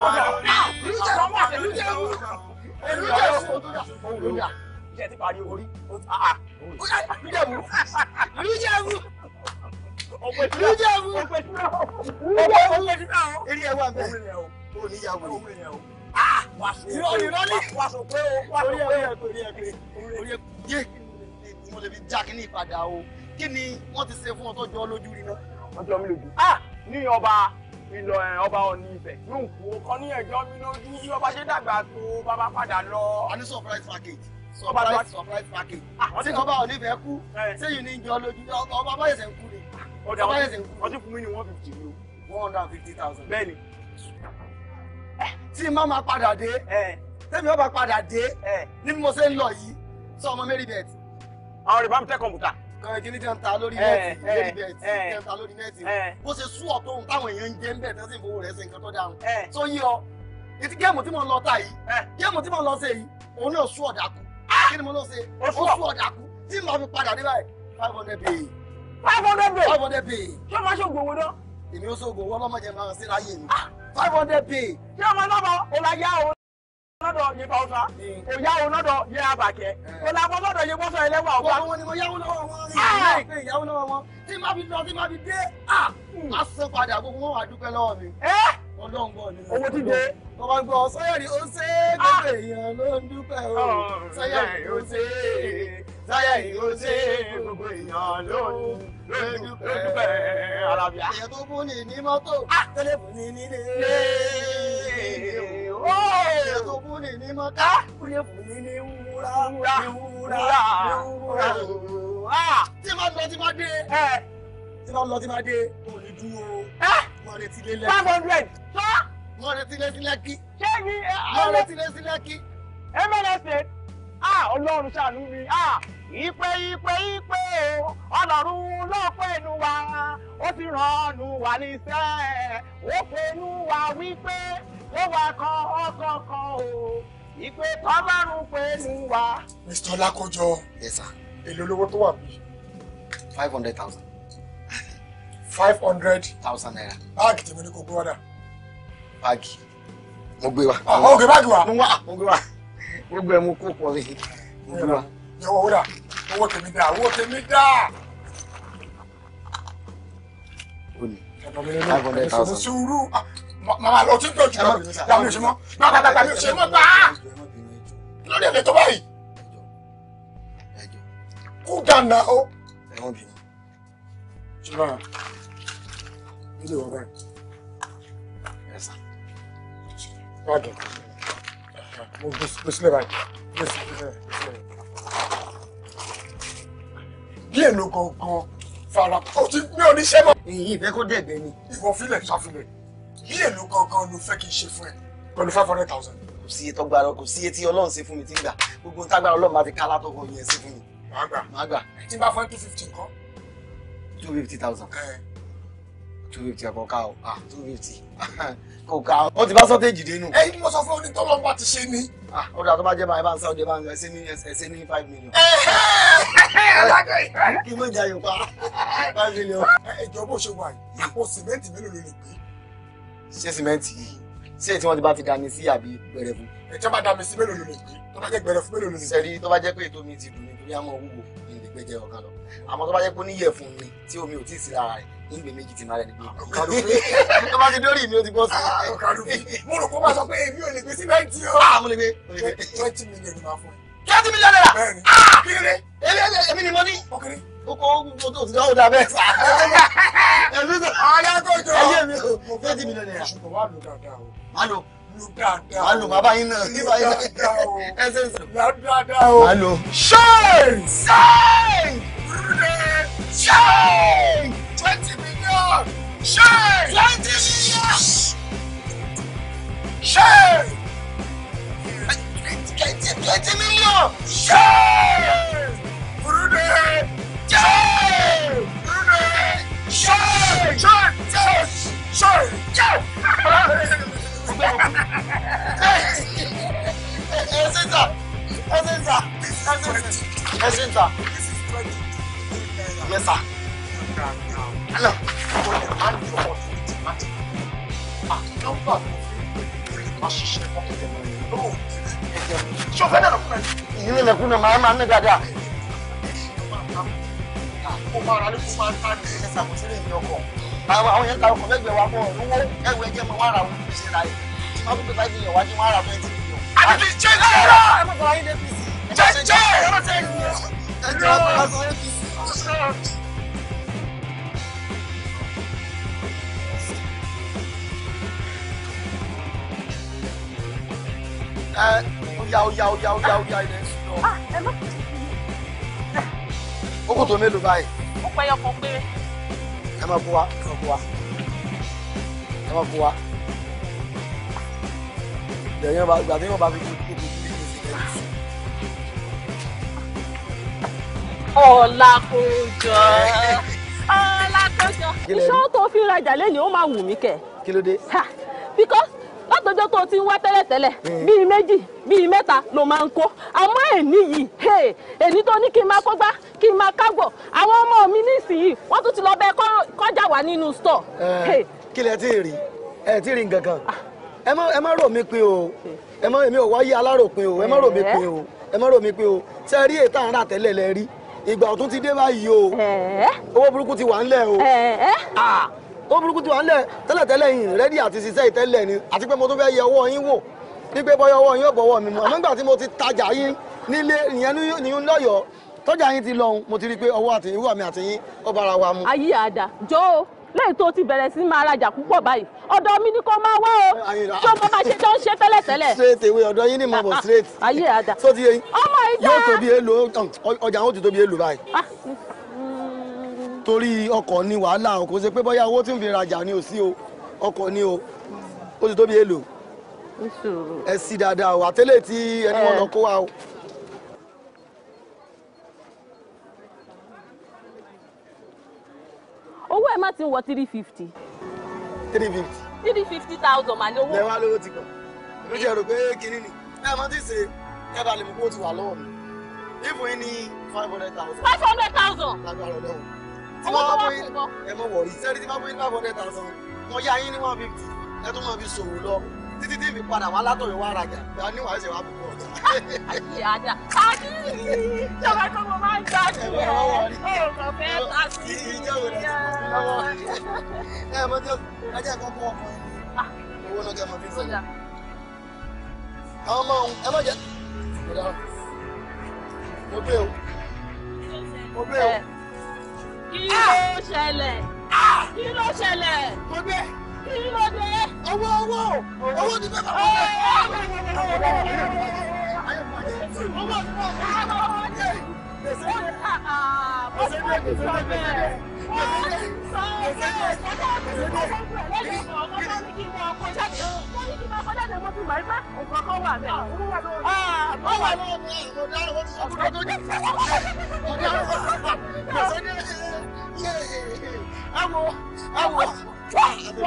Ìjẹ́ ti parí orí. Ìjẹ́ mú. Ìjẹ́ mú lójàmù lójàmù eré ẹ wà bẹ́ẹ̀ o níyàwó rẹ ìrọ ìrọ ní wàṣọ pé o wàṣọ pé o orí ẹ pé orí ẹ yé tí mo lè fi já kínní ìpadà o kí ni wọ́n ti ṣe fún ọ tó jọ lójú rí náà. wọ́n jọ mí lójú. ní ọba ìlọ ọba ọ̀ní ibẹ̀. nùkú kan ní ẹ̀jọ́ mi lójú bí ọba ṣe dàgbà tó bàbá padà lọ. a ní surprise package surprise surprise package. Ah, wọ́n ti ọba ọ̀ní ibẹ̀ kú sẹ́yìn ní ìjọ lójú ọba bá yẹ̀sẹ̀ ń kú ni. Ah, ọba yẹ̀sẹ̀ ń kú ni. ọtí fún mi ní one fifty ni o. one hundred and fifty thousand. bẹ́ẹ̀ni. Eh, tí má máa padà dé tẹ́mi ọba padà dé ní bí mo ṣe ń lọ yìí sọ ọmọ mary beth. àwọn rìbá mi tẹ́ kọ̀m̀pútà kìnní jẹ́ ń ta eh, eh, eh. ta lórí nẹ́ẹ̀tì bó ṣe sú ọ̀tọ̀ ohun táwọn èèyàn ń jẹ́ ń bẹ̀ tẹ́sí ìfowó rẹ̀ ṣe nǹkan tó dáhùn tó yí ọ etí géèmù tí mo lọ ta yìí géèmù tí mo lọ ṣe yìí òun náà sú ọ̀dà kù ah! kí ni mo lọ ṣe ó sú ọ̀dà kù tí màá fi padà dé báyìí five hundred bay. five hundred bay. five hundred bay. ṣé o máa ṣoògùn owó náà. èmi ó ṣoògùn owó ọlọ́mọdé máa ń síra yé mi. Ah! five hundred bay. ṣé o máa lọ́dọ̀ yìnbọn ọ̀sán kò yáwó lọ́dọ̀ yẹ abàjẹ́ kò lọ́dọ̀ yìnbọn ọ̀sán ẹlẹ́wà ọ̀gbà. ọ̀gbọ́n wọn ni mo yáwó lọ́wọ́ wọn ní pé ìyáwó lọ́wọ́ wọn tí má fi lọ tí má fi dé à á hmm. sọ padà gbogbo wọn wà dúpẹ́ lọ́wọ́ mi. owó ti dé. bàbá gbọ́ sọ́yẹ̀rì ah! oh, oh, ó ṣe é gbogbo èèyàn ló ń dúpẹ́ o sọ́yẹ̀rì ó ṣe é sọ́yẹ̀rì ó ṣe é gbogbo èèyàn ló ń dúpẹ́ alábíà. ìyẹn tó fún ni ní mọ́tò ah! tẹ́lẹ̀ ni mo ká. Kúrẹ́ fún mi ní wúrà ní wúrà ní wúrà. Tí máa lọ tí máa dé. Eh. Tí máa lọ tí máa dé. Kò ní dúró. Mo eh. retí lé lẹ́kí. Five hundred. Sọ. Mo retí lé sí lẹ́kí. Ṣé ní ẹ. Mo retí lé sí lẹ́kí. Ẹ mẹ́rẹ̀ ṣe. Ọlọ́run ṣàánú mi. Ah, ìpè ìpè ìpè Ọlọ́run ló pè nù wá. Ó ti rán nù wá níṣẹ́. Ó pè nù wá wípé ó wà kan ọgàn kan o ìpè kan márùn-ún pé ní wa. Mr. Ọlákọjọ èlò olówó tó wà bí. five hundred thousand. five hundred thousand naira. báàgì tèmi ni kò gbé wádà. báàgì mo gbé wa. àwọn ah, òkè báàgì wa. mo wá mo gbé wa gbogbo ẹ mo kó pọ̀ rí mo gbé wa. yọwọ wúrà owó tèmi dá owó tèmi dá. ó ní five hundred thousand. ẹ̀sùn màmá lọ tí ń pẹ́ jù lọ làwọn ò ṣe mọ́ bàbá bàbá mi ò ṣe mọ́ gbà á lórí ẹ̀lẹ́ tó báyìí kú dànà o. ẹ̀wọ̀n bìí ṣùgbọ́n ń lè wọ báyìí ẹ̀sà mo gbé sílẹ̀ báyìí gbé sílẹ̀ báyìí. bí èlò gangan fara ó ti gbé oníṣẹ́ mọ́. èyí ìfẹ́ kó dẹ̀gbẹ́ ni. ìwọ ṣàfilẹ̀ èlò kankan ló fẹ́ kí n ṣe fún ẹ pẹ̀lú five hundred thousand. kò sí iye tọ́gbà kò sí iye tí ọlọ́run ṣe fún mi tí ń gbà gbogbo tágbà ọlọ́run máa fi ká látọ̀kọ yẹn sí fún mi. màá gbà màá gbà. tí n bá fún ẹ two fifty nǹkan. two fifty thousand. two fifty ẹ̀kọ́ ká o ah two fifty kò ká o. ó ti bá sọ́téèjì dénú. ẹ mo sọ fún ọ ní tọ́lọ́ bá ti ṣe ni. Ah, ó dà tó bá jẹ́ báyìí bá ń sáwọ́ dé bá ń ẹsẹ̀ ní ẹsẹ̀ ní five million. kí ló ń jayò pa five million. ẹ jọ bó ṣe wà yìí ipò sìmẹ́ǹtì mélòó ló lè gbé ṣé sìmẹ́ǹtì yìí ṣé tí wọ́n ti bá ti dami sí àbí gbẹrẹfu. ẹjọ́ bá dami sí mélòó ló lè gbé tó bá jẹ́ gbẹrẹfu mélòó ló lè. sẹ́rí tó bá jẹ́ pé ètò mi ti dùn mí torí àmọ́ wúwo mi lè gbẹ́jẹ́ ọ̀kan lọ àmọ́ tó bá jẹ́ pé oníyẹ̀fun mi tí omi ò tí ì sí lára rẹ̀ nígbè méjì ti máa rẹ̀ nígbè. tó bá ti dórí mi ó ti bọ́ sí. Ah, mo rò kó máa sọ pé èmi ò lè gbé símẹ́ǹtì o. Ah, mo lè gbé. twenty million ni máa fún ẹ. twenty million naira. bẹ́ẹ̀ni ah, kí kókó gbogbo tó ti dáwọ́ dábẹ́ sá. alákòjọ ẹyẹ mi o fẹ́ ti mílíọ̀nù náírà. ṣùgbọ́n wà ló dáadáa o. má lò ló dáadáa o. má lò bàbá yín náà nípa yín náà. dáadáa o. ẹsẹ̀ sọ̀rọ̀. dáadáa o. má lò. ṣéè ṣéè. Present, sir. This is 22 naira. Yes, sir. Hello. When the man is the matter, ah, no problem. Má ṣiṣẹ́ mọ́tò tẹ̀lé lóò ẹ̀jẹ̀ mi. Ṣé o fẹ́ dànù fún ẹ? Ìyí ni lẹ̀kún náà máa máa ní dáadáa. Kó máa ra ní kó máa ta ní ẹ̀sẹ̀ àkọsílẹ̀ ìyẹn ọkọ̀. Àwọn yẹn ta ọkọ̀ lẹ́gbẹ̀ẹ́ wa fún ọ̀rọ̀ owó ẹ̀jẹ̀ máa wá ra wọn ṣe yìí. Má tó tó bá yẹn ní wọ́n á ra twenty million. Àdìbí ṣe é ṣe é rà. Ẹ má bọ̀ ayé ní APC ya o ya mélòó báyìí. ó pẹ́ ọkàn péré. ẹ má bu wa ẹ má bu wa ẹ má bu wa. ìgbà tí wọ́n bá fi kú Ọlákúnjọ Ọlákúnjọ iṣẹ́ tó fi rajà lẹ́yìn ó máa wù mí kẹ̀. kí ló dé. because látọjọ́ tó ti ń wá tẹ́lẹ̀tẹ́lẹ̀ hmm. bíi méjì bíi mẹ́ta ló máa ń kó àmọ́ èní yìí èní tó ní kí n máa kó gbá kí n máa kágbọ̀ àwọn ọmọ mi nísìnyìí wọ́n tún ti lọ bẹ kọjá wà nínú store. kí lẹ ti rí ẹ ti rí nǹkan ẹ má rò mí pin o ẹ má èmi ò o ẹ má rò mí eh. pin o ẹ má rò mí pin o ṣe rí ètò àrà tẹ́lẹ̀ rí ìgbà ọ̀tún ti dé báyìí o owó burúkú ti wà ńlẹ̀ o owó burúkú ti wà ńlẹ̀ tẹ́lẹ̀tẹ́lẹ̀ yìí rẹ́dí àti ṣiṣẹ́ ìtẹ́lẹ̀ ni àti pé mo tó fẹ́ yẹ ọwọ́ yín wò wípé bọ́yọ̀ ọwọ́ yín ọ̀bọ̀wọ̀ mi mọ̀ nígbà tí mo ti tajà yín nílé ìyẹn ní lọ́yọ̀ọ́ tọ́jà yín ti lọ́hùn mo ti rí i pé ọwọ́ àti ìwà mi àti yín ó bára wa mu. ayé àdá jọ́ lẹ́yìn tó ti bẹ̀rẹ̀ sí máa rajà púpọ̀ báyìí ọ̀dọ̀ mi ni kò máa wá o tó mo máa ṣe tó ń ṣe tẹ́lẹ̀tẹ́lẹ̀. straight away ọ̀dọ̀ yín ni mo bọ̀ ah, ah, straight. ayé àdá so ti yé yín yóò tóbi èlò ọjà àwọn òtún tóbi èlò báyìí. Ah, mm. torí ọkọ̀ ni wàhálà o kò ṣe pé bóyá owó tí ń fi rajà ni ò sí o ọkọ̀ ni o ó ti tóbi èlò. ẹ sì dáadáa o àtẹ́lẹ̀ tí ẹni wọn lọ kó wa o. tí ń wọ three fifty. three fifty. three fifty thousand mà ní owó. lẹ́wọ́n lówó ti kàn ló jẹ́ rò pé kinní ni ẹ mọ tí ì ṣe ẹ bá lè mú kó ti wà lọ́wọ́ mi ìfún yín ní five hundred thousand. five hundred thousand. lágbára ọlọ́run tí wọ́n bá bóyin ẹ mọ̀ wọ̀rí sẹ́ni tí wọ́n bá bóyin five hundred thousand wọ́n yá yín ní one fifty ẹ tún máa fi ṣòwò lọ títí tí mi padà wá látọ̀yọ̀ wá rajà pé a níwàá ṣe wá bùkún ọ̀gá. ayé ada ìjọba tó mo máa ń gbà sí ẹ ẹ kò ta sí i. ìjọba tó mo máa kan kọ́ ọkùnrin ni ah. owó náà jẹ́ mọ́ fífi àwọn ọmọ ọ̀hún ẹ má jẹ́ mo gbé o mo gbé o. kí ló ṣẹlẹ̀ ah! kí ló ṣẹlẹ̀. mo gbé owó owó owó ti fẹ́ bàbá Àwọn àǹtí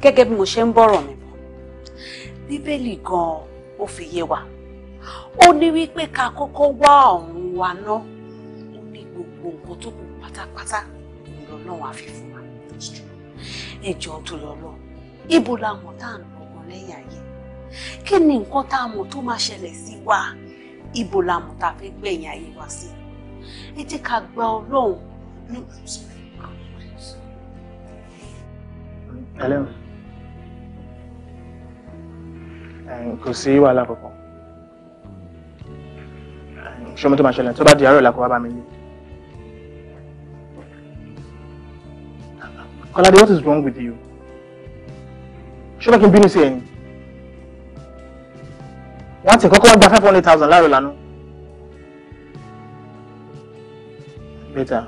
gẹ́gẹ́ bí mo ṣe ń bọ̀rọ̀ mi bọ̀ bíbélì gan-an ó fi yé wa ó ní wípé ká kọ́kọ́ wá ọ̀run wa náà ó ní gbogbo nǹkan tó kù pátápátá lọ́nà àfi fún wa ẹjọ́ tó lọ́lọ́ ibo làwọn tá à ń lẹ́yìn ayé kí ni nǹkan tá a mọ̀ tó máa ṣẹlẹ̀ sí wa ibo la mọ̀ tá a fẹ́ gbẹ̀yìn ayé wa sí ẹ jẹ́ ká gba ọlọ́run ní. Hello. Kò sí wàhálà kankan. Ṣé mo tó máa ṣẹlẹ̀ tó bá di àárọ̀ làkọ́ wá bá mi lé? Kọ́ládé, what is wrong with you? ṣé fẹ́ kí n bínú sí ẹ̀yìn wọ́n ti kọ́kọ́ gba five hundred thousand láàrọ̀ lánàá later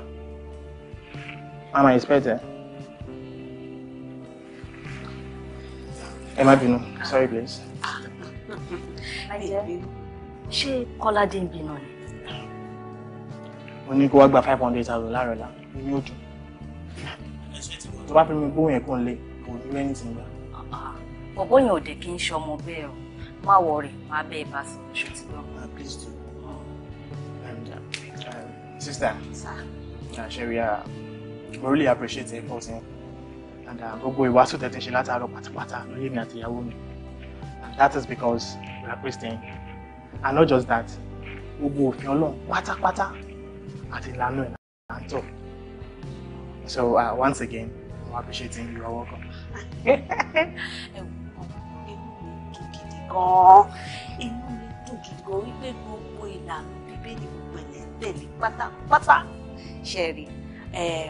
I'm an expected. ẹ má bínú sorry please. ṣé kọ́ládé ń bínú ni. mo ní kó wá gba five hundred thousand láàrọ̀ la ní ojú tó bá fi mi gbóhùn ẹ̀kọ́ ń lé kò ní lẹ́yìn tí ń gbà bọ̀bọ́ yẹn ò dé kí n ṣe ọmọ bẹ́ẹ̀ o má wọrí má bẹ́ẹ̀ bá sọ̀rọ̀ ṣe ti gbọ́. Ah, please do mm. and uh, uh, sister uh, ah, Sharia ah, mo really appreciate the effort yẹn and gbogbo ìwàásù tẹ̀tẹ̀ ṣe látàárọ̀ pátápátá lórí mi àti ìyàwó mi and that is because we are Christian and not just that gbogbo òfin Ọlọ́run pátápátá àti ìlànà ẹ̀ náà tọ̀ so uh, once again I'm appreciating you are welcome. gan-an inú mi dùn gidi gan wípé gbogbo ìlànà bíbélì gbogbo ẹ̀lẹ́ tẹ̀lé pátápátá ṣe rí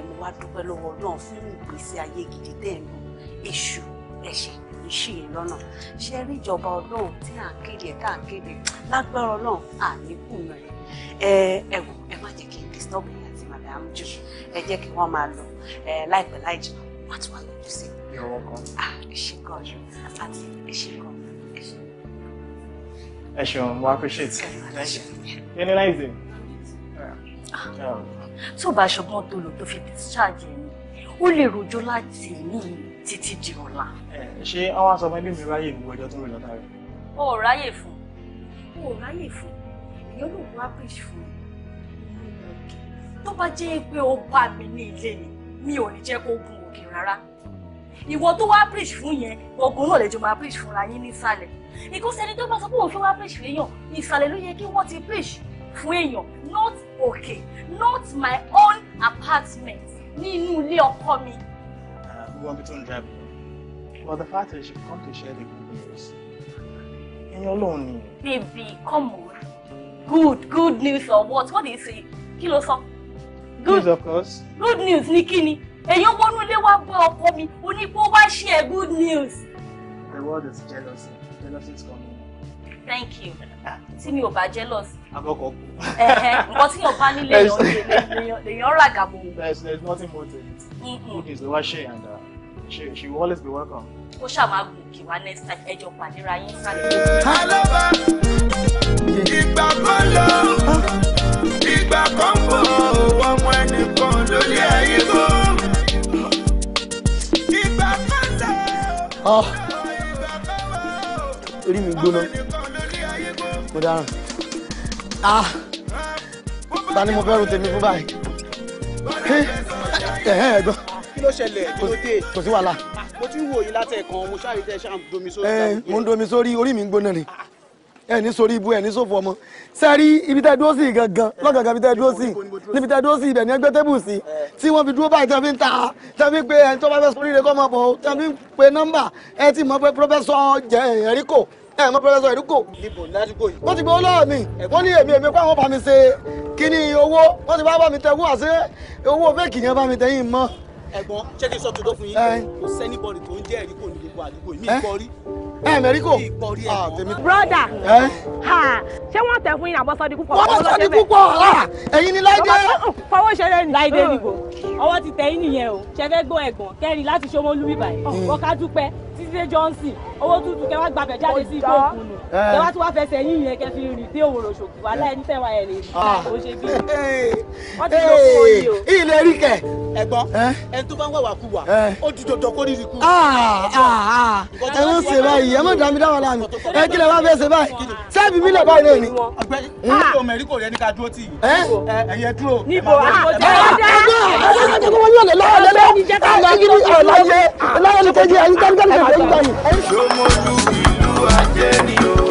mo wá dúpẹ́ lọ́wọ́ Ọlọ́run fún ìgbésí ayé gidi tẹ̀ ń lò èṣù ẹ̀ṣẹ̀ ń ṣì yín lọ́nà ṣe rí ìjọba Ọlọ́run tí à ń kéde ẹ̀ tá à ń kéde lágbára Ọlọ́run àníkùnà ẹ̀ ẹ̀ wò ẹ má jẹ́ kí n disturb yín àti madam jù ẹ jẹ́ kí wọ́n máa lọ láìpẹ́ láì jìnnà wọ́n á tún wá lọ́jọ́ sí i. ìrọ̀wọ́ kan. ẹ ṣe gan ju àti ẹ ṣe gan ẹ ṣe ẹ ṣeun mo appreciate you ní láì dé. tí ò bá ṣọgbọ́n tó lò tó fi discharge ẹni ó lè rojọ́ láti ní títí di ọ̀la. ṣé àwọn aṣọ ọmọ ẹbí mi ráyè gbogbo ọjọ́ tó rìn lọ́tà rẹ̀. o ò ráyè fún o ò ráyè fún ìyẹn ló wá bíṣì fún mi tó bá jẹ́ pé ó bá mi ní ilé ni mi ò ní jẹ́ kó gun òkè rárá ìwọ tó wá preach fún yẹn ọgbọ́n náà lẹ́jọ́ máa preach fúnra yín nísàlẹ̀ ìkọ́sẹ́ni tó máa sọ pé òun fẹ́ wá preach fún èèyàn ìsàlẹ̀ ló yẹ kí wọ́n ti preach fún èèyàn not okay not my own apartment ní inú ilé ọkọ mi. gbogbo ọmọ tó ń but the fact is you come to share the good news ẹ̀yin ọlọ́run ni. baby come on good good news or what what do you say kí ló sọ. good news of course. good news ni kí ni èèyàn wọnú ilé wa bá ọkọ mi ó ní kó wá share good news. the world is jealousy jealousy is coming. thank you tí mi ò bá jealous. àbọ̀kọ̀ kù. nǹkan tí yóò bá nílé èèyàn rà gàbò. there is there is nothing more to it. good news ló wá share and uh, she she will always be welcome. ó ṣàmàgùn kí wá next time ẹjọ́ pàdé ra yín sálẹ̀. alábàá. Ah. orí mi gbóná mo dáràn ah. ta ni mo fẹ́ ro tèmi fún báyìí ẹ̀gbọ́n kí ló ṣẹlẹ̀ kí ló dé kò sí wàhálà ah, mo ti ń wò yín látẹ̀ẹ̀kan mo ṣáà rí tẹ́ ṣáà ń domi sórí. Eh, mo ń domi sórí orí mi gbóná ni ẹni sórí ibu ẹni sófo ọmọ sẹ́rí ibi tẹ́ dúró sí gangan lọ́gàgà ibi tẹ́ dúró sí níbi tẹ́ dúró sí ibẹ̀ ní ẹgbẹ́ tébù sí tí wọ́n fi dúró báyìí tẹ́ fi ń ta tẹ́ fi ń pe ẹni tó bá fẹ́ sórí rẹ kọ́ máa bọ̀ ọ́ tẹ́ fi ń pe nọ́mbà ẹ ti mọ̀ pé pírọ́fẹ́sọ̀ jẹ́ ẹ̀ríkò ẹ mọ̀ pírọ́fẹ́sọ̀ ẹ̀ríkò. wọ́n ti gbé owó lọ́wọ́ mi wọ́n ní èmi èmi pàwọn bá mi ṣe kíní owó wọ́n ti bá bá mi tẹ owó àṣẹ owó fẹ́ẹ̀kì yẹn bá mi tẹ́yìn mọ́. ẹ̀gbọ́n ṣé kí n sọ tòótọ́ fún yín kò sẹ́nibọ̀dì tó ń jẹ́ ẹ̀ríkò ní gbogbo àdúgbò mi kọ́ rí ẹ mẹ́ríkò ah, broda ṣé wọ́n tẹ̀ fún yín àbọ̀ sọ́ọ́dí púpọ̀ wọ́n sọ́ọ́dí púpọ̀ ah, ẹ̀yin ni láìdé fọwọ́ ṣeré ni láìdé ah. nìbò ọwọ́ ti tẹ̀ yín nìyẹn o ṣe fẹ́ gbọ́ ẹ̀gbọ́n kẹrin láti ṣọmọ olúbi báyìí mm. ọkà dúpẹ́ títí dé johnson owó tútù kẹ wá gbàgbẹ́ jáde sí ìkó òkun eh. kẹ wá tí wàá fẹsẹ̀ yín yẹn kẹ fi rìn dé òwòrò ṣòkùn wàhálà ẹni tẹ̀wá ẹ̀ lè rí ilé rí kẹ. ẹ̀gbọ́n ẹni tó bá ń wàwà kú wa ó di dandan kó rírì kú. ẹ wọ́n ṣe báyìí ẹ mọ̀ dá mi dáwọ́ láàmì ẹ kí lè wá fẹ́ ṣe báyìí sẹ́ẹ̀bì mi lè báyìí náà ni. ọ̀gbẹ́ni níbo mẹríkò rẹ ní ká dúró tì í ẹyẹ dúró. níbo àkọjá ẹgbẹ́ ẹgbẹ́ ẹgbẹ́ wọn yóò lè lọ́wọ́ lẹ́lẹ́ alágídí ọ̀làyé ọ̀làyé ni kejì ẹ̀yin kẹ́ńkẹ́ńkẹ́